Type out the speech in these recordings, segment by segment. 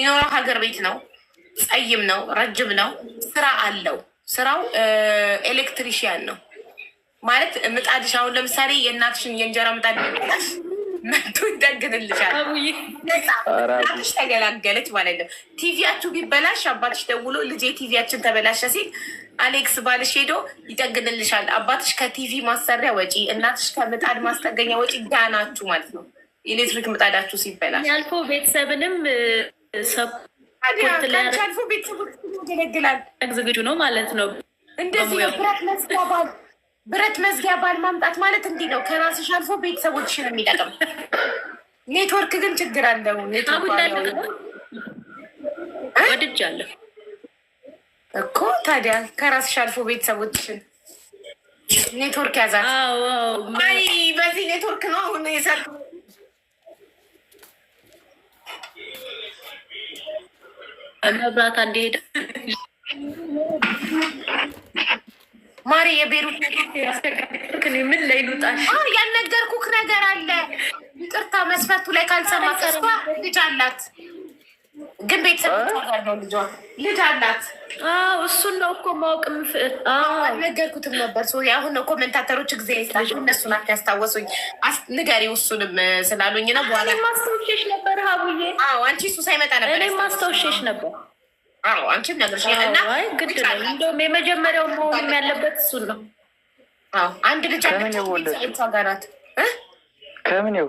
የሚኖረው ሀገር ቤት ነው። ጸይም ነው፣ ረጅም ነው፣ ስራ አለው። ስራው ኤሌክትሪሽያን ነው ማለት ምጣድሽ፣ አሁን ለምሳሌ የእናትሽን የእንጀራ ምጣድ መቶ ይጠግንልሻል። ተገላገለች ማለት ነው። ቲቪያችሁ ቢበላሽ አባትሽ ደውሎ ልጄ ቲቪያችን ተበላሸ ሲል አሌክስ ባልሽ ሄዶ ይጠግንልሻል። አባትሽ ከቲቪ ማሰሪያ ወጪ፣ እናትሽ ከምጣድ ማስጠገኛ ወጪ ዳናችሁ ማለት ነው። ኤሌክትሪክ ምጣዳችሁ ሲበላሽ ያልፎ ቤተሰብንም ሰፖርትለአልፎ ቤተሰቦች ያገለግላል ዝግጁ ነው ማለት ነው። እንደዚህ ነው ብረት መዝጊያ ባል ብረት መዝጊያ ባል ማምጣት ማለት እንዲህ ነው። ከራስሽ አልፎ ቤተሰቦች የሚጠቅም ኔትወርክ ግን ችግር አለው። ወድጃለሁ እኮ ታዲያ ከራስሽ አልፎ ቤተሰቦችሽን ኔትወርክ ያዛል። በዚህ ኔትወርክ ነው አሁን የሰርግ መብራት አንድ ማሪ የቤሩት ምን ላይ ልውጣሽ? ያልነገርኩክ ነገር አለ። ይቅርታ መስፈርቱ ላይ ካልሰማ ልጅ አላት ግን ቤተሰብ ጋር ነው ልጇ ልጅ አላት። እሱን ነው እኮ ማወቅ አልነገርኩትም ነበር። ሶሪ አሁን ነው ኮመንታተሮች ጊዜ ስላሽ እነሱ ናት ያስታወሱኝ። ንገሪ እሱንም ስላሉኝ ነው። በኋላ ማስታወሻሽ ነበር ሀቡዬ። አዎ አንቺ እሱ ሳይመጣ ነበር እኔ ማስታወሻሽ ነበር። አዎ አንቺም ነገርሽ እና ግድ ነው። እንደውም የመጀመሪያው መሆኑም ያለበት እሱን ነው። አዎ አንድ ልጅ አለች ጋር ናት። ከምን ይኸው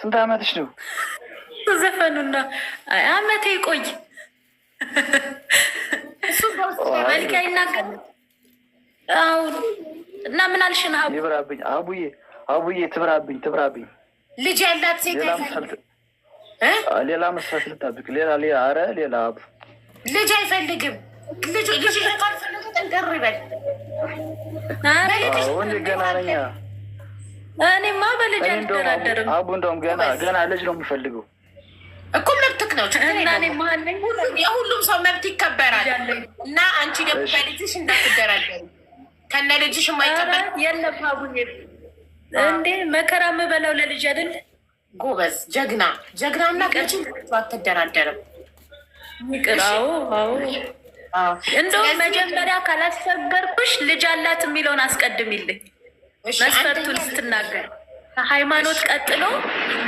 ስንት አመትሽ ነው? ዘፈኑና አመቴ ቆይ መልክ አይናገር እና ምን አልሽን? ይብራብኝ አቡዬ አቡዬ ትብራብኝ ትብራብኝ ልጅ ያላት ሴት ሌላ መስራት ልጣብቅ ሌላ ሌላ አረ ሌላ አቡ ልጅ አይፈልግም። ልጅ ልጅ ገና ነኝ። እኔማ በልጅ አልደራደርም። አቡ እንደውም ገና ገና ልጅ ነው የምፈልገው እኮ መብትክ ነው የሁሉም ሰው መብት ይከበራል። እና አንቺ ደግሞ በልጅሽ እንዳትደራደሪ ከነ ልጅሽ የማይከበር እንዴ መከራ የምበላው ለልጅ አይደል? ጎበዝ ጀግና ጀግናና እና ቀጭ አትደራደርም። ይቅራው እንደውም መጀመሪያ ካላስቸገርኩሽ ልጅ አላት የሚለውን አስቀድሚልኝ መስፈርቱን ስትናገር ከሃይማኖት ቀጥሎ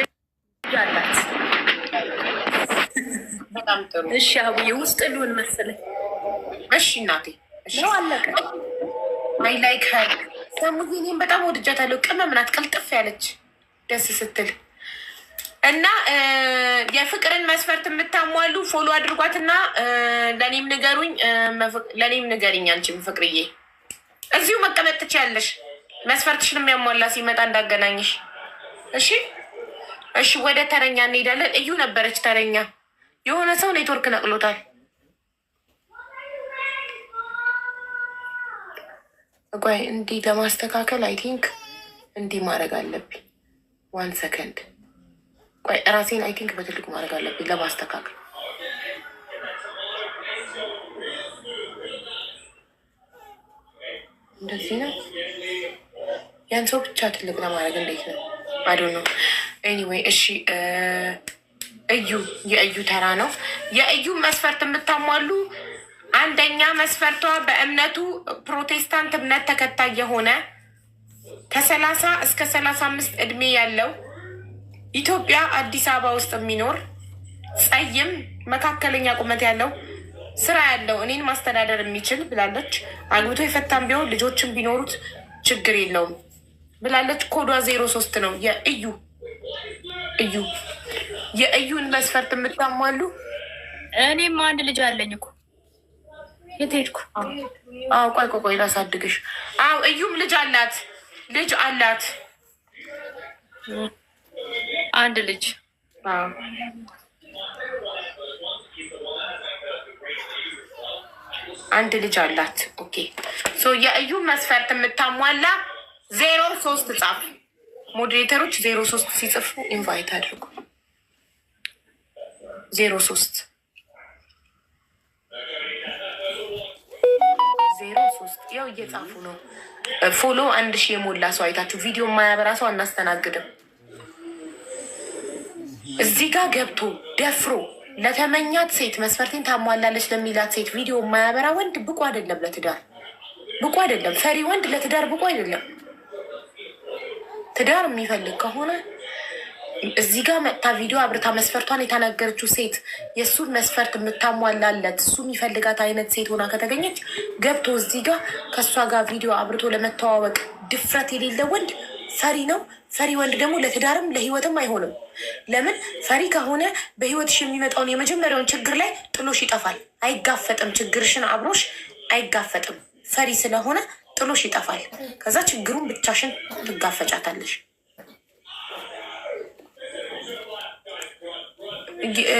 ልጅ አላት እሺ አቡዬ ውስጥ ልሁን መሰለኝ። እሺ እናቴ ነው አለቀ። አይ ላይክ ሀይ ሰሙዚ እኔም በጣም ወድጃታለሁ። ቅመም ናት፣ ቅልጥፍ ያለች ደስ ስትል እና የፍቅርን መስፈርት የምታሟሉ ፎሎ አድርጓትና ለእኔም ንገሩኝ፣ ለእኔም ንገርኝ። አንቺም ፍቅርዬ እዚሁ መቀመጥ ትችያለሽ። መስፈርትሽን የሚያሟላ ሲመጣ እንዳገናኝሽ። እሺ፣ እሺ። ወደ ተረኛ እንሄዳለን። እዩ ነበረች ተረኛ የሆነ ሰው ኔትወርክ ነቅሎታል። ቆይ እንዲህ ለማስተካከል አይ ቲንክ እንዲህ ማድረግ አለብኝ። ዋን ሰከንድ ቆይ ራሴን አይ ቲንክ በትልቅ ማድረግ አለብኝ ለማስተካከል። እንደዚህ ነው። ያን ሰው ብቻ ትልቅ ለማድረግ እንዴት ነው? አይ ነው። ኤኒዌይ። እሺ እዩ የእዩ ተራ ነው። የእዩ መስፈርት የምታሟሉ አንደኛ መስፈርቷ በእምነቱ ፕሮቴስታንት እምነት ተከታይ የሆነ ከሰላሳ እስከ ሰላሳ አምስት እድሜ ያለው ኢትዮጵያ አዲስ አበባ ውስጥ የሚኖር ጸይም፣ መካከለኛ ቁመት ያለው ስራ ያለው እኔን ማስተዳደር የሚችል ብላለች። አግብቶ የፈታም ቢሆን ልጆችን ቢኖሩት ችግር የለውም ብላለች። ኮዷ ዜሮ ሶስት ነው። የእዩ እዩ የእዩን መስፈርት የምታሟሉ? እኔም አንድ ልጅ አለኝ እኮ የት ሄድኩ? አዎ ቆይ ቆይ ቆይ ላሳድግሽ። አዎ እዩም ልጅ አላት፣ ልጅ አላት፣ አንድ ልጅ አንድ ልጅ አላት። ኦኬ ሶ የእዩ መስፈርት የምታሟላ ዜሮ ሶስት ጻፍ። ሞዴሬተሮች ዜሮ ሶስት ሲጽፉ ኢንቫይት አድርጉ። ዜሮ ሶስት ዜሮ ሶስት ያው እየጻፉ ነው። ፎሎ አንድ ሺህ የሞላ ሰው አይታችሁ ቪዲዮ የማያበራ ሰው አናስተናግድም። እዚህ ጋር ገብቶ ደፍሮ ለተመኛት ሴት መስፈርቴን ታሟላለች ለሚላት ሴት ቪዲዮ የማያበራ ወንድ ብቁ አይደለም፣ ለትዳር ብቁ አይደለም። ፈሪ ወንድ ለትዳር ብቁ አይደለም። ትዳር የሚፈልግ ከሆነ እዚህ ጋር መጥታ ቪዲዮ አብርታ መስፈርቷን የተናገረችው ሴት የእሱን መስፈርት የምታሟላለት እሱ የሚፈልጋት አይነት ሴት ሆና ከተገኘች ገብቶ እዚህ ጋር ከእሷ ጋር ቪዲዮ አብርቶ ለመተዋወቅ ድፍረት የሌለ ወንድ ፈሪ ነው። ፈሪ ወንድ ደግሞ ለትዳርም ለህይወትም አይሆንም። ለምን ፈሪ ከሆነ በህይወትሽ የሚመጣውን የመጀመሪያውን ችግር ላይ ጥሎሽ ይጠፋል። አይጋፈጥም፣ ችግርሽን አብሮሽ አይጋፈጥም። ፈሪ ስለሆነ ጥሎሽ ይጠፋል። ከዛ ችግሩን ብቻሽን ትጋፈጫታለሽ።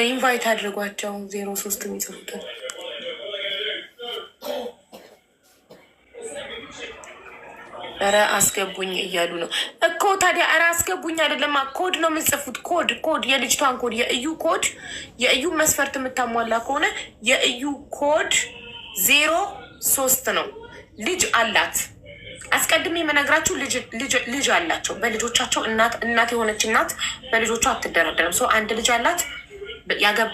ኢንቫይት አድርጓቸው ዜሮ ሶስት የሚጽፉትን ረ አስገቡኝ እያሉ ነው እኮ ታዲያ። ረ አስገቡኝ አይደለም ኮድ ነው የምጽፉት። ኮድ ኮድ፣ የልጅቷን ኮድ፣ የእዩ ኮድ፣ የእዩ መስፈርት የምታሟላ ከሆነ የእዩ ኮድ ዜሮ ሶስት ነው። ልጅ አላት። አስቀድሜ የምነግራችሁ ልጅ አላቸው። በልጆቻቸው እናት እናት የሆነች እናት በልጆቿ አትደራደርም። ሰው አንድ ልጅ አላት።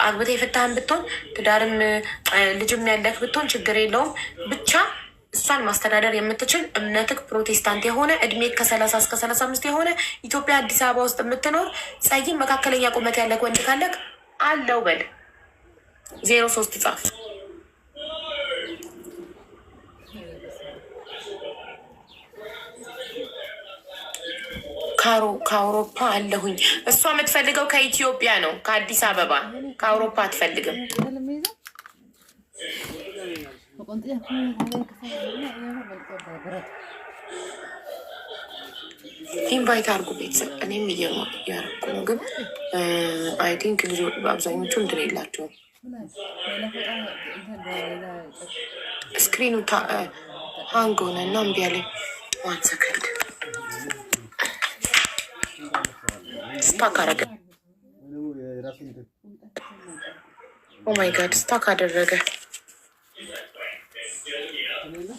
አግብታ የፈታህን ብትሆን ትዳርም ልጅም ያለህ ብትሆን ችግር የለውም። ብቻ እሷን ማስተዳደር የምትችል እምነትህ ፕሮቴስታንት የሆነ እድሜ ከሰላሳ እስከ ሰላሳ አምስት የሆነ ኢትዮጵያ አዲስ አበባ ውስጥ የምትኖር ጸይም መካከለኛ ቁመት ያለህ ወንድ ካለህ አለው በል ዜሮ ሶስት ጻፍ። ከአውሮፓ አለሁኝ። እሷ የምትፈልገው ከኢትዮጵያ ነው፣ ከአዲስ አበባ። ከአውሮፓ አትፈልግም። ኢንቫይት አርጉ ቤተሰብ። እኔም እያረኩ ነው፣ ግን አይ ቲንክ ልጆ አብዛኞቹ እንትን የላቸውም። ስክሪኑ ሃንግ ሆነ እና እምቢ አለኝ። ዋን ሰከንድ ስታክ አረገ። ኦማይ ጋድ ስታክ አደረገ። oh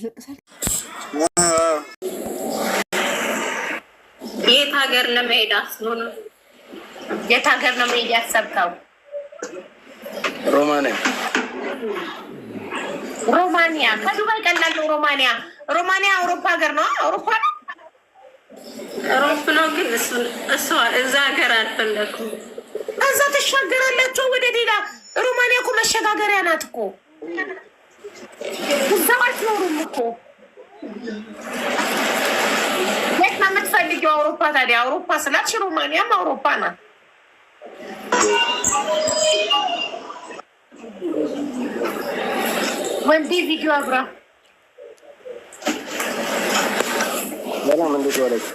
ያስለቅሳል። የት ሀገር ለመሄድ አስቦ የት ሀገር ነው መሄድ ያሰብከው? ሮማንያ ሮማንያ ከዱባይ ቀላሉ። ሮማንያ ሮማንያ አውሮፓ ሀገር ነው። አውሮፓ ነው አውሮፓ ነው። ግን እሱ እዛ ሀገር አልፈለኩም። እዛ ተሻገራላቸው ወደ ሌላ። ሮማንያ እኮ መሸጋገሪያ ናት እኮ እዛው አትኖሩም እኮ የት ነው የምትፈልጊው? አውሮፓ ታዲያ አውሮፓ ስላልሽ ሮማንያም አውሮፓ ናት። ወንዴ ቪዲዮ አብራ ሰላም፣ እንዴት ዋለች?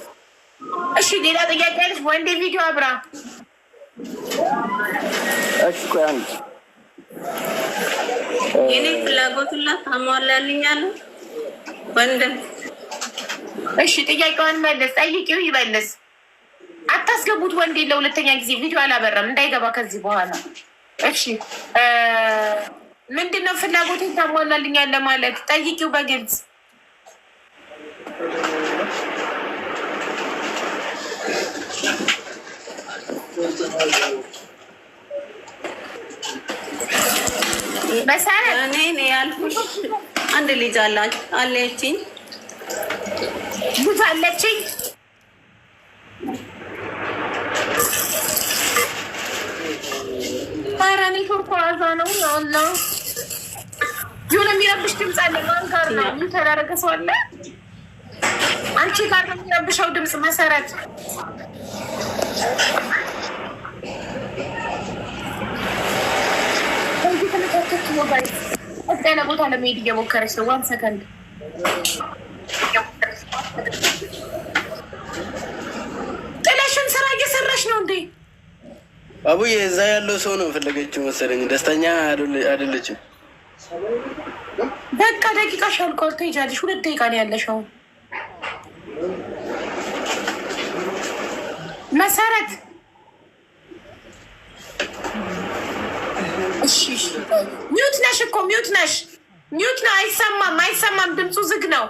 እሺ፣ ሌላ ጥያቄ አለች። ወንዴ ቪዲዮ አብራ እሺ፣ ቆይ አንድ የኔ ፍላጎቱላ ታሟላልኛለ ወንድም። እሺ ጥያቄዋን መለስ ጠይቂው ይመልስ አታስገቡት ወንድ ሁለተኛ ጊዜ ቪዲዮ አላበረም እንዳይገባ ከዚህ በኋላ እሺ። ምንድን ነው ፍላጎቴን ታሟላልኛለ ማለት ጠይቂው በግልጽ እኔ ያልኩሽ አንድ ልጅ አለችኝ ብዙ አለችኝ። ኧረ ኔትወርኩ አዛ ነው አላ የሆነ የሚረብሽ ድምፅ አለ። ማን ጋር ነው የተደረገ ሰው አለ? አንቺ ጋር ነው የሚረብሸው ድምፅ መሰረት ከፍ ያለ ቦታ ለመሄድ እየሞከረች ነው። ዋን ሰከንድ ጥለሽን ስራ እየሰራሽ ነው እንዴ? አቡዬ እዛ ያለው ሰው ነው ፈለገችው መሰለኝ። ደስተኛ አይደለችም። በቃ ደቂቃሽ አልቋል። ተይጃለሽ። ሁለት ደቂቃ ነው ያለሽ አሁን መሰረት ሚዩት ነሽ እኮ ሚዩት ነሽ። ሚዩት ነው፣ አይሰማም፣ አይሰማም። ድምፁ ዝግ ነው።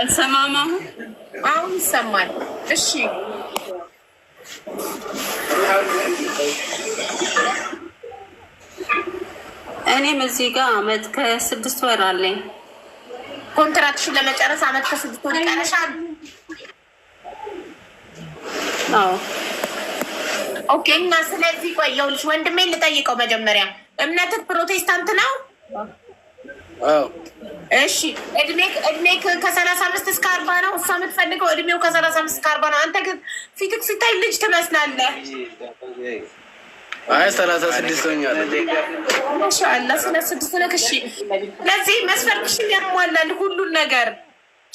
አይሰማም። አሁን ይሰማል። እሺ እኔም እዚህ ጋር አመት ከስድስት ወር አለኝ። ኮንትራክሽን ለመጨረስ አመት ከስድስት ወር ይቀረሻል። ኦኬ። እና ስለዚህ ቆየሁልሽ ወንድሜ ልጠይቀው መጀመሪያ እምነትህ ፕሮቴስታንት ነው? እሺ እድሜ ከሰላሳ አምስት እስከ አርባ ነው እሷ የምትፈልገው እድሜው ከሰላሳ አምስት እስከ አርባ ነው። አንተ ግን ሲታይ ልጅ ትመስላለህ። አይ ሰላሳ ስድስት ሆኛለሁ። ስድስት እሺ መስፈርትሽን ያሟላል ሁሉን ነገር።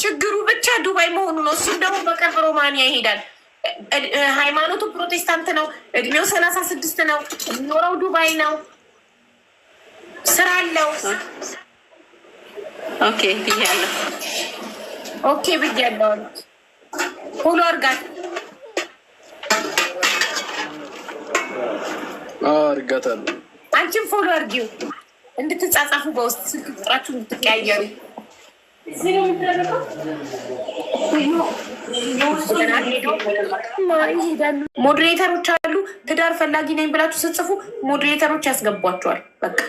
ችግሩ ብቻ ዱባይ መሆኑ ነው። እሱም ደግሞ በቅርብ ሮማንያ ይሄዳል። ሃይማኖቱ ፕሮቴስታንት ነው። እድሜው ሰላሳ ስድስት ነው። የሚኖረው ዱባይ ነው። ስራ አለው። ኦኬ ብያለሁ። ኦኬ ብያለሁ። ሁሉ እርጋት እርጋታለሁ። አንቺም ፎሎ አድርጊው እንድትጻጻፉ በውስጥ ስልክ ቁጥራችሁ እንድትቀያየሩ ሞዴሬተሮች አሉ። ትዳር ፈላጊ ነኝ ብላችሁ ስትጽፉ ሞዴሬተሮች ያስገቧቸዋል። በቃ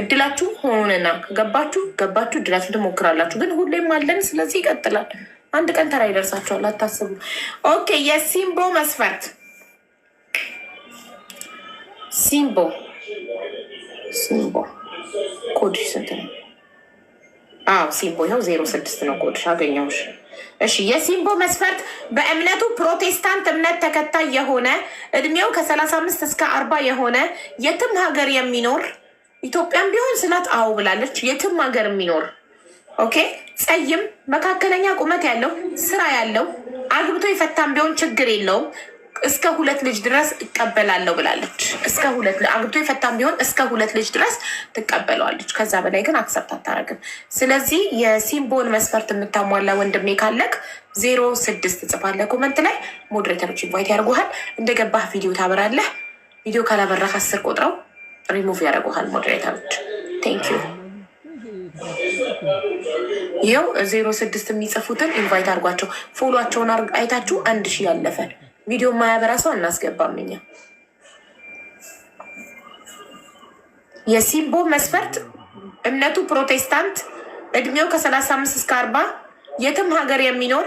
እድላችሁ ሆኖንና ገባችሁ ገባችሁ እድላችሁ ትሞክራላችሁ። ግን ሁሌም አለን። ስለዚህ ይቀጥላል። አንድ ቀን ተራ ይደርሳቸዋል። አታስቡ። ኦኬ። የሲምቦ መስፈርት ሲምቦ ሲምቦ ኮድሽ ስንት ነው? አዎ ሲምቦ ይኸው ዜሮ ስድስት ነው ኮድሽ። አገኘሁሽ እሺ የሲምቦ መስፈርት በእምነቱ ፕሮቴስታንት እምነት ተከታይ የሆነ እድሜው ከ35 እስከ 40 የሆነ የትም ሀገር የሚኖር ኢትዮጵያም ቢሆን ስላት አዎ ብላለች። የትም ሀገር የሚኖር ኦኬ፣ ጸይም መካከለኛ ቁመት ያለው ስራ ያለው አግብቶ የፈታም ቢሆን ችግር የለውም እስከ ሁለት ልጅ ድረስ እቀበላለሁ ብላለች። እስከ ሁለት አግብቶ የፈታም ቢሆን እስከ ሁለት ልጅ ድረስ ትቀበለዋለች። ከዛ በላይ ግን አክሰብት አታደርግም ስለዚህ የሲምቦን መስፈርት የምታሟላ ወንድሜ ካለክ ዜሮ ስድስት ትጽፋለ ኮመንት ላይ ሞዴሬተሮች ኢንቫይት ያደርጉሃል። እንደገባህ ቪዲዮ ታበራለህ። ቪዲዮ ካላበራህ አስር ቆጥረው ሪሙቭ ያደርጉሃል ሞዴሬተሮች። ቴንኪዩ። ይኸው ዜሮ ስድስት የሚጽፉትን ኢንቫይት አድርጓቸው። ፎሎቸውን አይታችሁ አንድ ሺህ ያለፈ ቪዲዮ ማያበራ ሰው አናስገባም። እኛ የሲምቦ መስፈርት እምነቱ ፕሮቴስታንት፣ እድሜው ከ35 እስከ 40 የትም ሀገር የሚኖር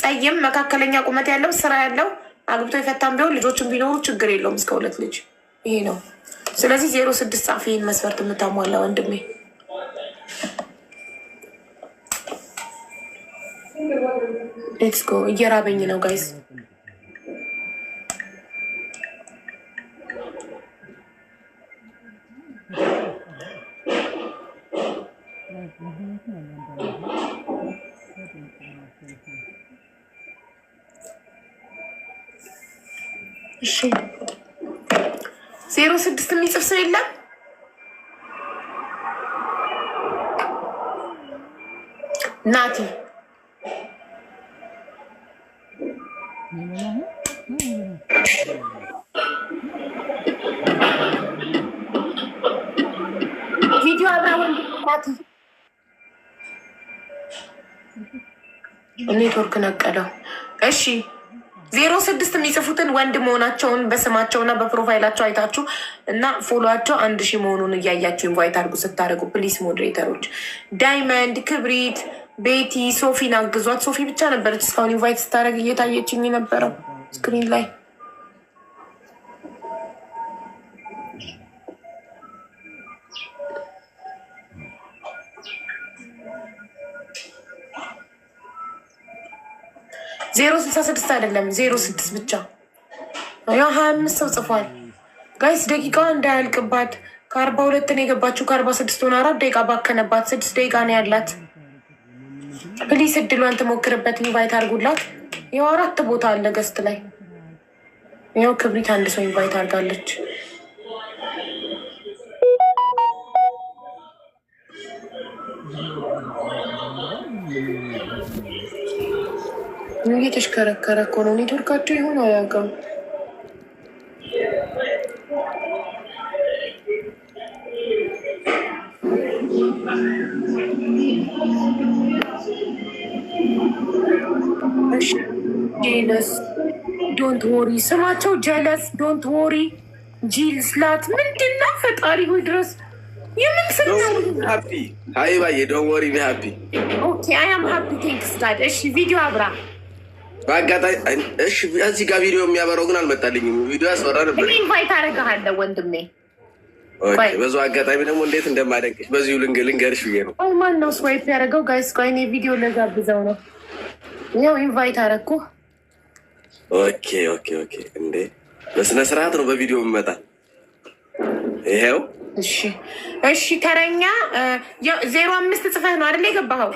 ጸይም፣ መካከለኛ ቁመት ያለው ስራ ያለው አግብቶ የፈታም ቢሆን ልጆችን ቢኖሩ ችግር የለውም እስከ ሁለት ልጅ። ይሄ ነው። ስለዚህ ዜሮ ስድስት ጻፊ ይህን መስፈርት የምታሟላ ወንድሜ ሌትስ ጎ። እየራበኝ ነው ጋይስ እሺ ዜሮ ስድስት የሚጽፍ ሰው የለም። ናቲ ቪዲዮ አብራ ወንድ ናቲ ኔትወርክ ነቀለው። እሺ ዜሮ ስድስት የሚጽፉትን ወንድ መሆናቸውን በስማቸውና በፕሮፋይላቸው አይታችሁ እና ፎሎዋቸው አንድ ሺህ መሆኑን እያያችሁ ኢንቫይት አድርጉ ስታደርጉ ፕሊስ ሞዴሬተሮች። ዳይመንድ፣ ክብሪት፣ ቤቲ፣ ሶፊን አግዟት። ሶፊ ብቻ ነበረች እስካሁን ኢንቫይት ስታደርግ እየታየችኝ ነበረው ስክሪን ላይ። ዜሮ ስልሳ ስድስት አይደለም ዜሮ ስድስት ብቻ ያ ሀያ አምስት ሰው ጽፏል። ጋይስ ደቂቃ እንዳያልቅባት ከአርባ ሁለት ነው የገባችው ከአርባ ስድስት ሆነ አራት ደቂቃ ባከነባት። ስድስት ደቂቃ ነው ያላት። ፕሊስ እድሏን ትሞክርበት። ኢንቫይት አድርጉላት። ያው አራት ቦታ አለ ገስት ላይ ያው ክብሪት አንድ ሰው ኢንቫይት አድርጋለች። እየተሽከረከረ እኮ ነው። ኔትወርካቸው ይሆን አያውቅም። ጀለስ ዶንት ወሪ ስማቸው ጀለስ ዶንት ወሪ ጂል ስላት ምንድን ነው? ፈጣሪ ሆይ ድረስ የምን ስናሀፒ ሀይ ባዬ ወሪ ሀፒ ኦኬ አይ አም ሀፒ ቴንክስ ጋድ እሺ ቪዲዮ አብራ በአጋጣሚ እሺ፣ እዚህ ጋር ቪዲዮ የሚያበረው ግን አልመጣልኝም። ቪዲዮ ያስበራ ነበር። ኢንቫይት አደርግሃለሁ ወንድሜ። በዚሁ አጋጣሚ ደግሞ እንዴት እንደማደንቅሽ በዚሁ ልንገርሽ ብዬ ነው። ማን ነው ስዋይፕ ያደረገው? ጋይስ ቆይ እኔ ቪዲዮ ለጋብዘው ነው። ያው ኢንቫይት አደረግኩ። ኦኬ ኦኬ ኦኬ። እንዴ በስነ ስርዓት ነው በቪዲዮ የሚመጣ ይሄው። እሺ እሺ። ተረኛ ዜሮ አምስት ጽፈህ ነው አይደለ የገባኸው?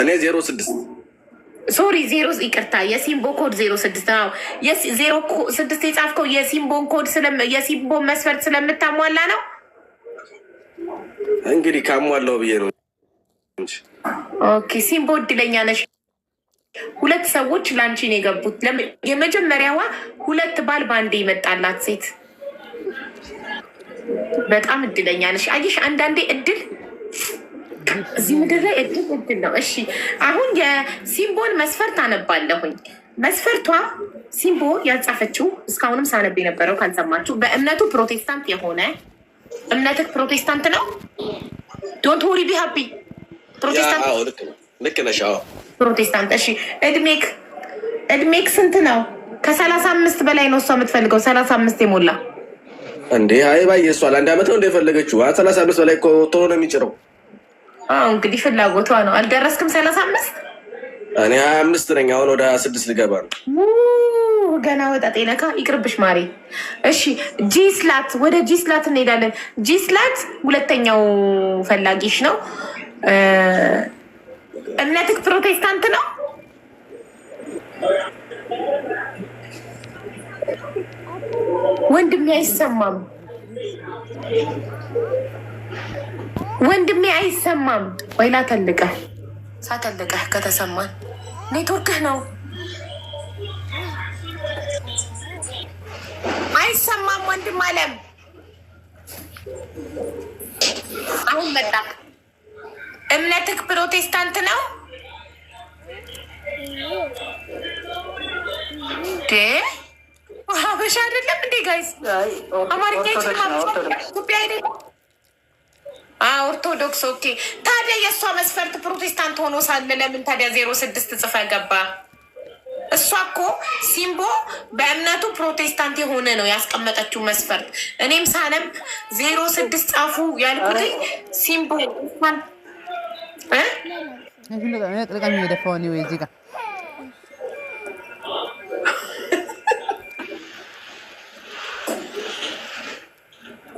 እኔ ዜሮ ስድስት ሶሪ ዜሮ ይቅርታ፣ የሲምቦ ኮድ ዜሮ ስድስት ነው። ዜሮ ስድስት የጻፍከው የሲምቦን ኮድ የሲምቦን መስፈርት ስለምታሟላ ነው። እንግዲህ ካሟላው ብዬ ነው። ኦኬ ሲምቦ እድለኛ ነሽ። ሁለት ሰዎች ላንቺን የገቡት የመጀመሪያዋ ሁለት ባል በአንድ ይመጣላት ሴት በጣም እድለኛ ነሽ። አየሽ አንዳንዴ እድል እዚህ ምድር ላይ እድል እድል ነው። እሺ አሁን የሲምቦል መስፈርት አነባለሁኝ። መስፈርቷ ሲምቦ ያጻፈችው እስካሁንም ሳነብ የነበረው ካልሰማችሁ፣ በእምነቱ ፕሮቴስታንት የሆነ እምነትህ ፕሮቴስታንት ነው። ዶንት ወሪ ቢ ሀፒ ፕሮቴስታንት ልክ ነሽ። ፕሮቴስታንት እሺ። እድሜክ እድሜክ ስንት ነው? ከሰላሳ አምስት በላይ ነው እሷ የምትፈልገው። ሰላሳ አምስት የሞላ እንዴ? አይ ባየሷል። አንድ አመት ነው እንደፈለገችው። ሰላሳ አምስት በላይ ቶሎ ነው የሚጭረው እንግዲህ ፍላጎቷ ነው። አልደረስክም? ሰላሳ አምስት እኔ ሀያ አምስት ነኝ። አሁን ወደ ሀያ ስድስት ልገባ ነው። ገና ወጣጤ ነካ። ይቅርብሽ ማሬ። እሺ ጂስላት፣ ወደ ጂስላት እንሄዳለን። ጂስላት ሁለተኛው ፈላጊሽ ነው። እምነትክ ፕሮቴስታንት ነው? ወንድሜ አይሰማም ወንድሜ አይሰማም ወይ? ላተልቀህ ሳተልቀህ ከተሰማን ኔትወርክህ ነው። አይሰማም ወንድም አለም አሁን መጣ። እምነትህ ፕሮቴስታንት ነው? ሀበሻ አይደለም እንዴ? ጋይስ አማርኛ ይችላል ኢትዮጵያ አይደለም ኦርቶዶክስ ኦኬ። ታዲያ የእሷ መስፈርት ፕሮቴስታንት ሆኖ ሳለ ለምን ታዲያ ዜሮ ስድስት ጽፈ ገባ? እሷ እኮ ሲምቦ በእምነቱ ፕሮቴስታንት የሆነ ነው ያስቀመጠችው መስፈርት። እኔም ሳነብ ዜሮ ስድስት ጻፉ ያልኩት ሲምቦ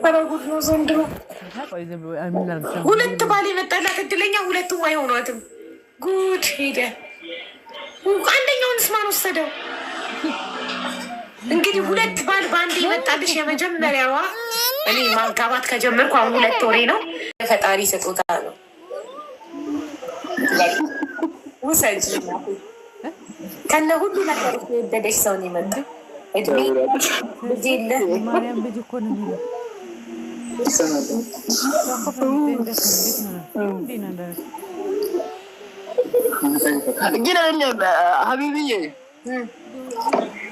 ኧረ ጉድ ነው ዘንድሮ። ሁለት ባል የመጣላት እድለኛ ሁለቱም አይሆኗትም። ጉድ ሄደ። አንደኛውን እስማን ወሰደው። እንግዲህ ሁለት ባል በአንድ የመጣልሽ የመጀመሪያዋ። እኔ ማጋባት ከጀመርኩ አሁን ሁለት ወሬ ነው። ፈጣሪ ስጦታ ነው። ውሰጅ ከነ ሁሉ ነገር የወደደች ሰውን የመጣ እድሜ ልጅ የለ ማርያም ልጅ እኮ ነው ግን ሀቢብዬ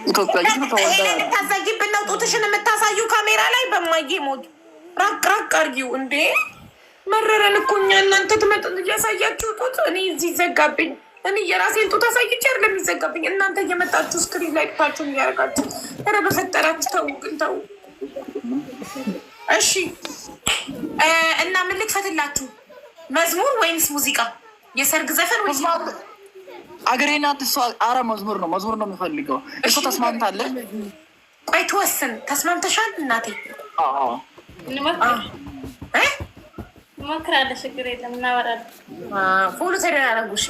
ኢትዮጵያ ልታሳይብን ነው ጡትሽን የምታሳዩ ካሜራ ላይ በማጌ ሞት ራቅ ራቅ አድርጊው እንዴ! መረረን እኮ እኛ እናንተ ትመጥ እያሳያችሁ ጡት እኔ እዚህ ይዘጋብኝ። እኔ የራሴን ጡት አሳይቼ አይደለም ይዘጋብኝ። እናንተ እየመጣችሁ ስክሪን ላይ ጡታችሁን እያደረጋችሁ። ኧረ በፈጠራችሁ ተው ግን ተው። እሺ እና ምን ልክፈትላችሁ? መዝሙር ወይንስ ሙዚቃ? የሰርግ ዘፈን ወይ አገሬና ትሷ? አረ መዝሙር ነው፣ መዝሙር ነው የምፈልገው። እሱ ተስማምታለ ቆይ ትወስን። ተስማምተሻል እናቴ? ሞክራለ ችግር የለም እናወራለን። ፎሎ ተደራረጉሽ።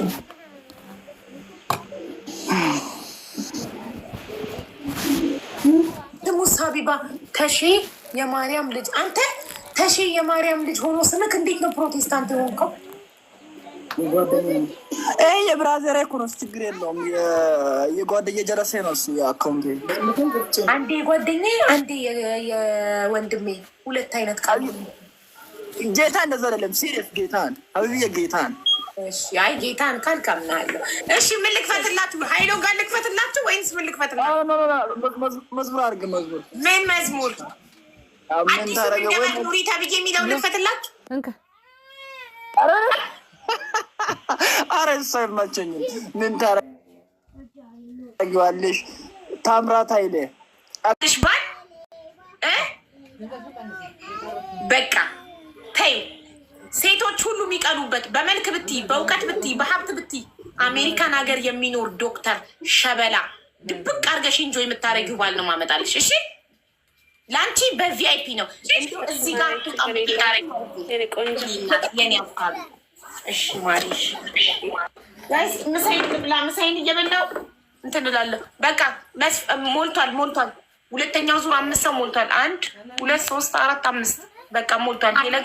ስሙስ ሀቢባ የማርያም ልጅ አንተ ተሼ የማርያም ልጅ ሆኖ ስምክ እንዴት ነው ፕሮቴስታንት የሆንከው? ይህ የብራዘር ኮኖስ ችግር የለውም። የጓደኛ ጀረሰ ነው እሱ አካውንት። አንዴ የጓደኛ አንዴ የወንድሜ ሁለት አይነት ቃል ጌታ እንደዛ አይደለም። ሲሪየስ ጌታን አብዬ ጌታን አይ ጌታን ካልክ አምናለሁ። እሺ ምን ልክፈትላችሁ? ሀይሎ ጋር ልክፈትላችሁ ወይንስ ምን ልክፈትላችሁ? መዝሙር አድርግ መዝሙር ምን መዝሙር ኑሪ ተብዬ የሚለውን አረ እሱ አይመቸኝም። ምን ታረጊዋለሽ? ታምራት ባል በቃ ሴቶች ሁሉ የሚቀኑበት በመልክ ብትይ፣ በእውቀት ብትይ፣ በሀብት ብትይ፣ አሜሪካን ሀገር የሚኖር ዶክተር ሸበላ ድብቅ አድርገሽ እንጆ የምታረጊው ባል ነው ማመጣልሽ። እሺ ለአንቺ በቪአይፒ ነው። እዚህ ጋር ምሳዬን ብላ ምሳዬን እየበላሁ እንትን እላለሁ። በቃ ሞልቷል፣ ሞልቷል። ሁለተኛው ዙር አምስት ሰው ሞልቷል። አንድ ሁለት ሶስት አራት አምስት በቃ ሞልቷል። ሌላ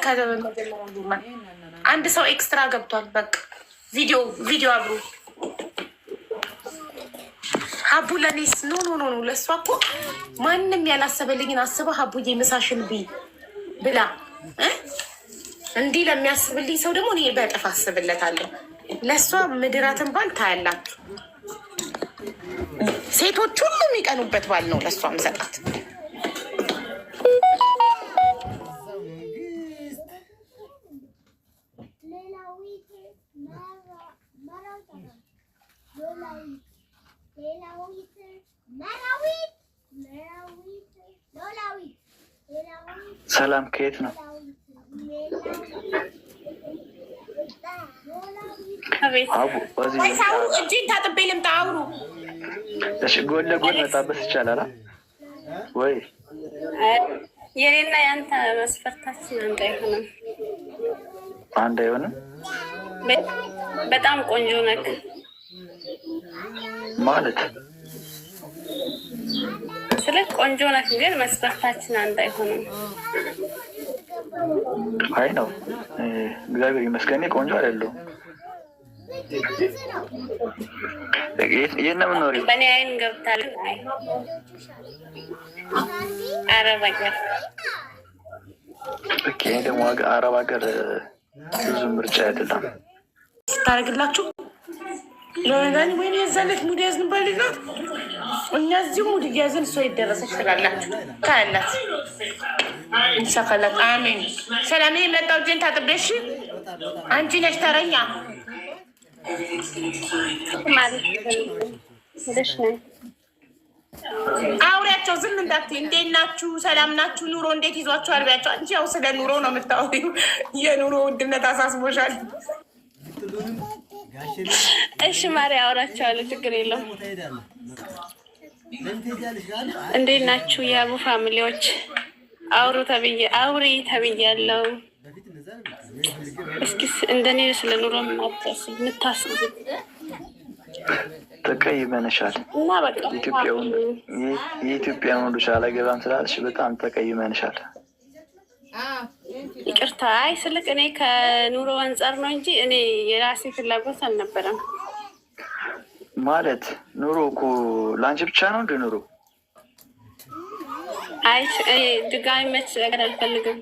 አንድ ሰው ኤክስትራ ገብቷል። በቃ ቪዲዮ ቪዲዮ አብሮ ሀቡ ለእኔስ ኖ ኖ ኖ ኖ ለእሷ እኮ ማንም ያላሰበልኝን አስበ ሀቡ ምሳሽን ቢ ብላ እንዲህ ለሚያስብልኝ ሰው ደግሞ እኔ በእጥፍ አስብለታለሁ። ለእሷ ምድራትን ባል ታያላችሁ። ሴቶች ሁሉ የሚቀኑበት ባል ነው ለእሷ ምሰጣት ሌላዊት መራዊት መራዊት ሎላዊት ሰላም ከየት ነው? እጅን ታጥቤ ልምጣ። አውሩ እሺ። ጎን ለጎን መጣበስ ይቻላል ወይ? የኔና የአንተ መስፈርታችን አንድ አይሆንም። አንድ አይሆንም። በጣም ቆንጆ ነክ ማለት ነው። ስለ ቆንጆ ናት ግን መስፈርታችን አንድ አይሆንም። አይ ነው እግዚአብሔር ይመስገን ቆንጆ አይደለሁም። የት ነው የምኖሪው? በእኔ አይን ገብታል። አረብ ሀገር ደግሞ አረብ ሀገር ብዙ ምርጫ አይደለም ስታደርግላችሁ ለወይናኒ ወይኔ የዛለት ሙድ ያዝንባል ነው እኛ እዚሁ ሙድ እያዝን እሷ ይደረሰች ትላላችሁ ካያላት ይሳካላት። አሜን። ሰላሜ የመጣው ጀን ታጥቤሽ አንቺ ነሽ ተረኛ አውሪያቸው ዝም እንዳት እንዴት ናችሁ? ሰላም ናችሁ? ኑሮ እንዴት ይዟችሁ አልቢያቸው። አንቺ ያው ስለ ኑሮ ነው የምታወሪው። የኑሮ ውድነት አሳስቦሻል። እሺ ማርያ አውራቸዋለሁ፣ ችግር የለውም። እንዴት ናችሁ የአቡ ፋሚሊዎች? አውሩ ተብዬ አውሪ ተብያለሁ። እስኪ እንደኔ ስለ ኑሮ የምታስብ ተቀይመንሻል። ወንዶች አላገባም በጣም ይቅርታ አይ ስልክ እኔ ከኑሮ አንጻር ነው እንጂ እኔ የራሴ ፍላጎት አልነበረም። ማለት ኑሮ እኮ ለአንቺ ብቻ ነው እንደ ኑሮ። አይ ድጋሚ መች ነገር አልፈልግም።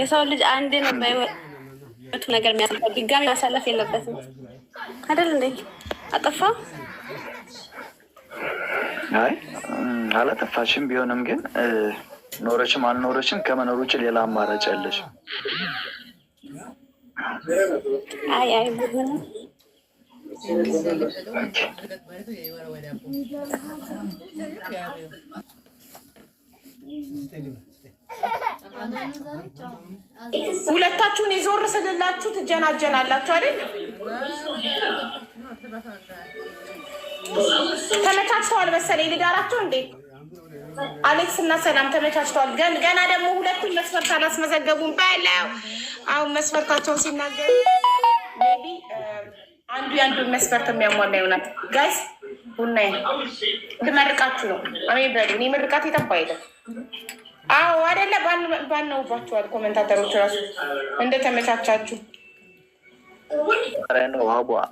የሰው ልጅ አንዴ ነው በህይወቱ ነገር የሚያሳልፈው፣ ድጋሚ ማሳለፍ የለበትም አይደል እንዴ? አጠፋ አይ አላጠፋችም። ቢሆንም ግን ኖረችም አልኖረችም ከመኖር ውጭ ሌላ አማራጭ ያለች። ሁለታችሁን የዞር ስልላችሁ ትጀናጀናላችሁ አይደል? ተመቻችተዋል መሰለኝ ልዳራቸው እንዴት አሌክስ እና ሰላም ተመቻችተዋል። ገና ደግሞ ሁለቱን መስፈርት አላስመዘገቡም በለው። አሁን መስፈርታቸውን ሲናገሩ ቢ አንዱ የአንዱ መስፈርት የሚያሟላ ይሆናል። ጋይስ ቡና ልመርቃችሁ ነው። አሜ በሉ እኔ ምርቃት የጠባ የለም። አዎ አደለ ባናውባችኋል። ኮመንታተሮች ራሱ እንደተመቻቻችሁ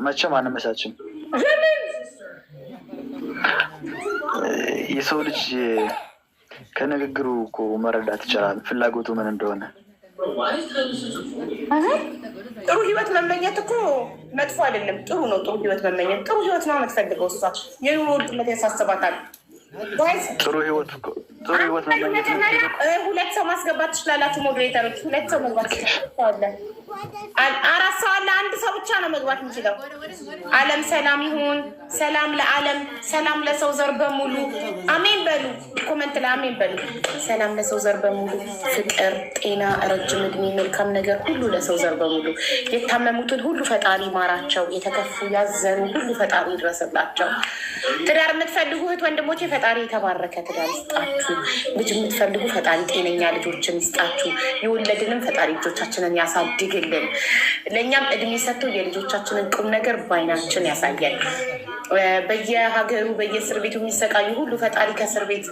መቼም አንመቻችም። የሰው ልጅ ከንግግሩ እኮ መረዳት ይቻላል ፍላጎቱ ምን እንደሆነ። ጥሩ ህይወት መመኘት እኮ መጥፎ አይደለም፣ ጥሩ ነው። ጥሩ ህይወት መመኘት ጥሩ ህይወት ነው የምትፈልገው እሷ የኑሮ ውድነት ያሳስባታል። ጥሩ ህይወት ጥሩ ህይወት ሁለት ሰው ማስገባት ትችላላችሁ፣ ሞዴሬተሮች ሁለት ሰው መግባት ትችላለን። አራት ሰው አለ። አንድ ሰው ብቻ ነው መግባት የሚችለው። ዓለም ሰላም ይሁን። ሰላም ለዓለም፣ ሰላም ለሰው ዘር በሙሉ አሜን በሉ። ኮመንት ላይ አሜን በሉ። ሰላም ለሰው ዘር በሙሉ፣ ፍቅር፣ ጤና፣ ረጅም እድሜ፣ መልካም ነገር ሁሉ ለሰው ዘር በሙሉ። የታመሙትን ሁሉ ፈጣሪ ማራቸው፣ የተከፉ ያዘኑ ሁሉ ፈጣሪ ይድረስላቸው። ትዳር የምትፈልጉ እህት ወንድሞቼ ፈጣሪ የተባረከ ትዳር ይስጣችሁ። ልጅ የምትፈልጉ ፈጣሪ ጤነኛ ልጆችን ይስጣችሁ። የወለድንም ፈጣሪ ልጆቻችንን ያሳድግ የለም። ለእኛም እድሜ ሰጥቶ የልጆቻችንን ቁም ነገር ባይናችን ያሳያል። በየሀገሩ በየእስር ቤቱ የሚሰቃዩ ሁሉ ፈጣሪ ከእስር ቤት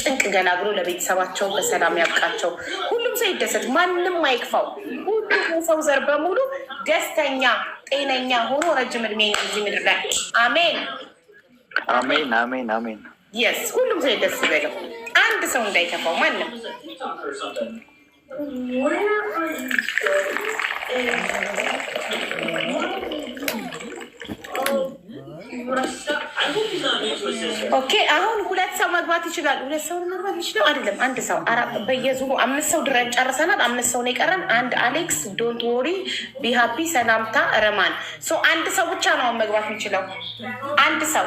ጭንቅ ገላ ብሎ ለቤተሰባቸው በሰላም ያብቃቸው። ሁሉም ሰው ይደሰት፣ ማንም አይክፋው። ሁሉም ሰው ዘር በሙሉ ደስተኛ ጤነኛ ሆኖ ረጅም እድሜ እዚህ ምድር ላይ አሜን፣ አሜን፣ አሜን፣ አሜን። የስ ሁሉም ሰው ደስ ይበለው። አንድ ሰው እንዳይከፋው ማንም Where ኦኬ አሁን ሁለት ሰው መግባት ይችላል። ሁለት ሰው መግባት የሚችለው አይደለም፣ አንድ ሰው በየዙሩ አምስት ሰው ድረን ጨርሰናል። አምስት ሰው ነው የቀረን። አንድ አሌክስ ዶንት ወሪ ቢሃፒ ሰላምታ ረማን። ሶ አንድ ሰው ብቻ ነው መግባት የሚችለው አንድ ሰው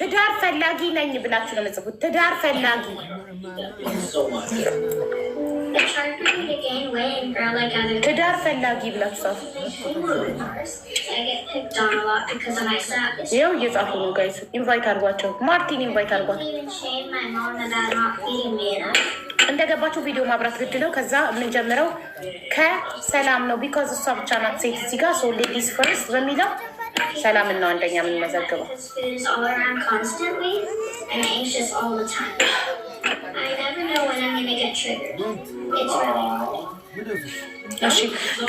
ትዳር ፈላጊ ነኝ ብላችሁ ነው መጽፉት። ትዳር ፈላጊ ትዳር ፈላጊ ብላችሁ ጻፉ። ይኸው እየጻፉ ነው ጋይስ። ኢንቫይት አድርጓቸው። ማርቲን ኢንቫይት አድርጓቸው። እንደገባችሁ ቪዲዮ ማብራት ግድ ነው። ከዛ የምንጀምረው ከሰላም ነው። ቢካዝ እሷ ብቻ ናት ሴት እዚህ ጋር ሶ ሌዲስ ፈርስት በሚለው ሰላም ነው አንደኛ የምንመዘግበው። እሺ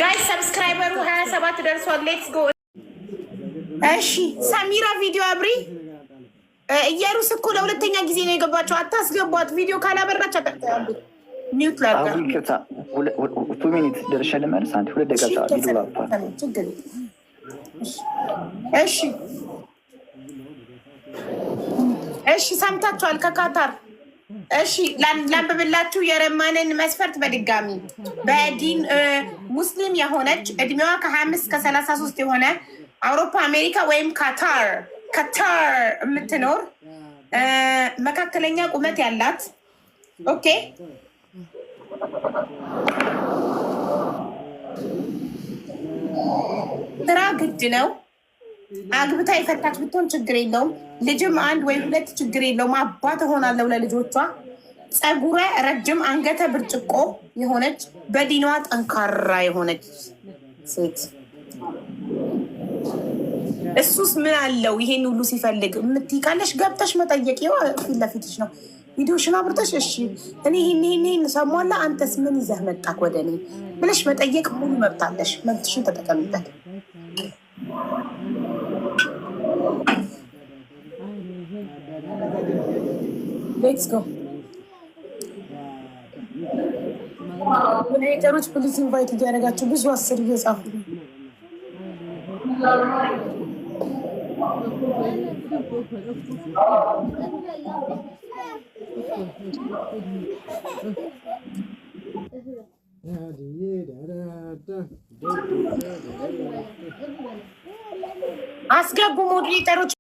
ጋይ ሰብስክራይበሩ ሀያ ሰባት ደርሷል። ሌትስ ጎ። እሺ ሰሚራ ቪዲዮ አብሪ። እየሩስ እኮ ለሁለተኛ ጊዜ ነው የገባቸው። አታስገቧት፣ ቪዲዮ ካላበራች ሚዩት ላርጋ። ሁለት ደቂቃ እሺ እሺ ሰምታችኋል። ከካታር እሺ ላንብብላችሁ የረማንን መስፈርት በድጋሚ በዲን ሙስሊም የሆነች እድሜዋ ከ አምስት ከሰላሳ ሶስት የሆነ አውሮፓ፣ አሜሪካ ወይም ካታር ካታር የምትኖር መካከለኛ ቁመት ያላት ኦኬ ስራ ግድ ነው። አግብታ የፈታች ብትሆን ችግር የለውም። ልጅም አንድ ወይ ሁለት ችግር የለውም። አባት እሆናለሁ ለልጆቿ። ፀጉረ ረጅም፣ አንገተ ብርጭቆ የሆነች በዲኗ ጠንካራ የሆነች ሴት እሱስ ምን አለው? ይሄን ሁሉ ሲፈልግ የምትይ ገብተሽ መጠየቅ ይኸው ፊት ለፊትሽ ነው። ቪዲዮሽን አብርተሽ እሺ እኔ ይህን ይህን ይህን ሰሟላ አንተስ ምን ይዘህ መጣክ ወደ እኔ ብለሽ መጠየቅ ሙሉ መብታለሽ። መብትሽን ተጠቀሚበት። Let's go. ዩናይተሮች ፕሊዝ ኢንቫይት እያደረጋቸው ብዙ አስር እየጻፉ አስገቡ ሞዴሬተሮች።